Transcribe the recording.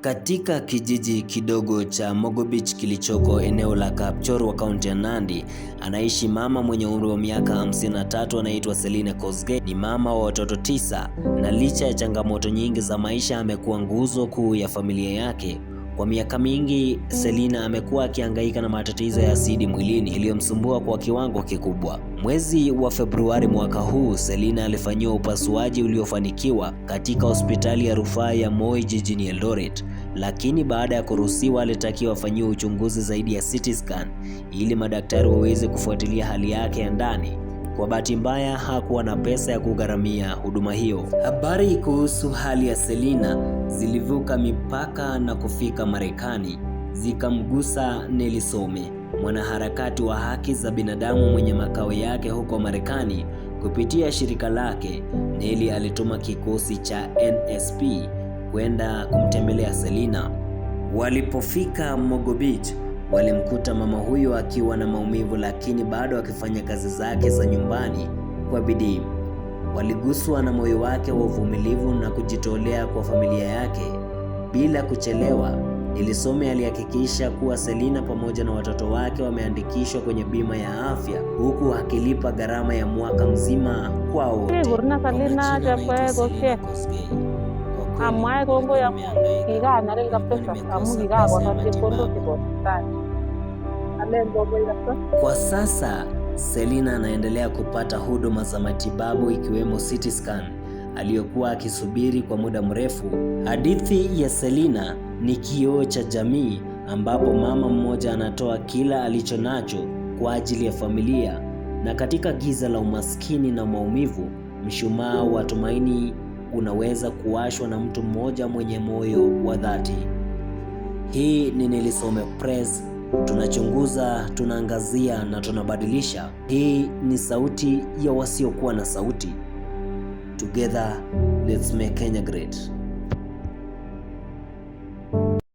Katika kijiji kidogo cha Mogobich kilichoko eneo la Kapchorwa kaunti ya Nandi, anaishi mama mwenye umri wa miaka 53 anaitwa Selina Kosgei. Ni mama wa watoto tisa, na licha ya changamoto nyingi za maisha amekuwa nguzo kuu ya familia yake. Kwa miaka mingi, Selina amekuwa akihangaika na matatizo ya asidi mwilini iliyomsumbua kwa kiwango kikubwa. Mwezi wa Februari mwaka huu, Selina alifanyiwa upasuaji uliofanikiwa katika hospitali ya rufaa ya Moi jijini Eldoret, lakini baada ya kuruhusiwa alitakiwa afanyiwe uchunguzi zaidi ya CT scan ili madaktari waweze kufuatilia hali yake ya ndani. Kwa bahati mbaya hakuwa na pesa ya kugharamia huduma hiyo. Habari kuhusu hali ya Selina zilivuka mipaka na kufika Marekani, zikamgusa Nelisome, mwanaharakati wa haki za binadamu mwenye makao yake huko Marekani. Kupitia shirika lake, Neli alituma kikosi cha NSP kwenda kumtembelea Selina. Walipofika Mogo Beach Walimkuta mama huyo akiwa na maumivu, lakini bado akifanya kazi zake za nyumbani kwa bidii. Waliguswa na moyo wake wa uvumilivu na kujitolea kwa familia yake bila kuchelewa. Ilisome alihakikisha kuwa Selina pamoja na watoto wake wameandikishwa kwenye bima ya afya huku akilipa gharama ya mwaka mzima kwa wote amwae amu Kwa sasa Selina anaendelea kupata huduma za matibabu ikiwemo CT scan aliyokuwa akisubiri kwa muda mrefu. Hadithi ya Selina ni kioo cha jamii ambapo mama mmoja anatoa kila alichonacho kwa ajili ya familia, na katika giza la umaskini na maumivu, mshumaa wa tumaini unaweza kuwashwa na mtu mmoja mwenye moyo wa dhati. Hii ni Nilisome Press. Tunachunguza, tunaangazia na tunabadilisha. Hii ni sauti ya wasiokuwa na sauti. Together let's make Kenya great.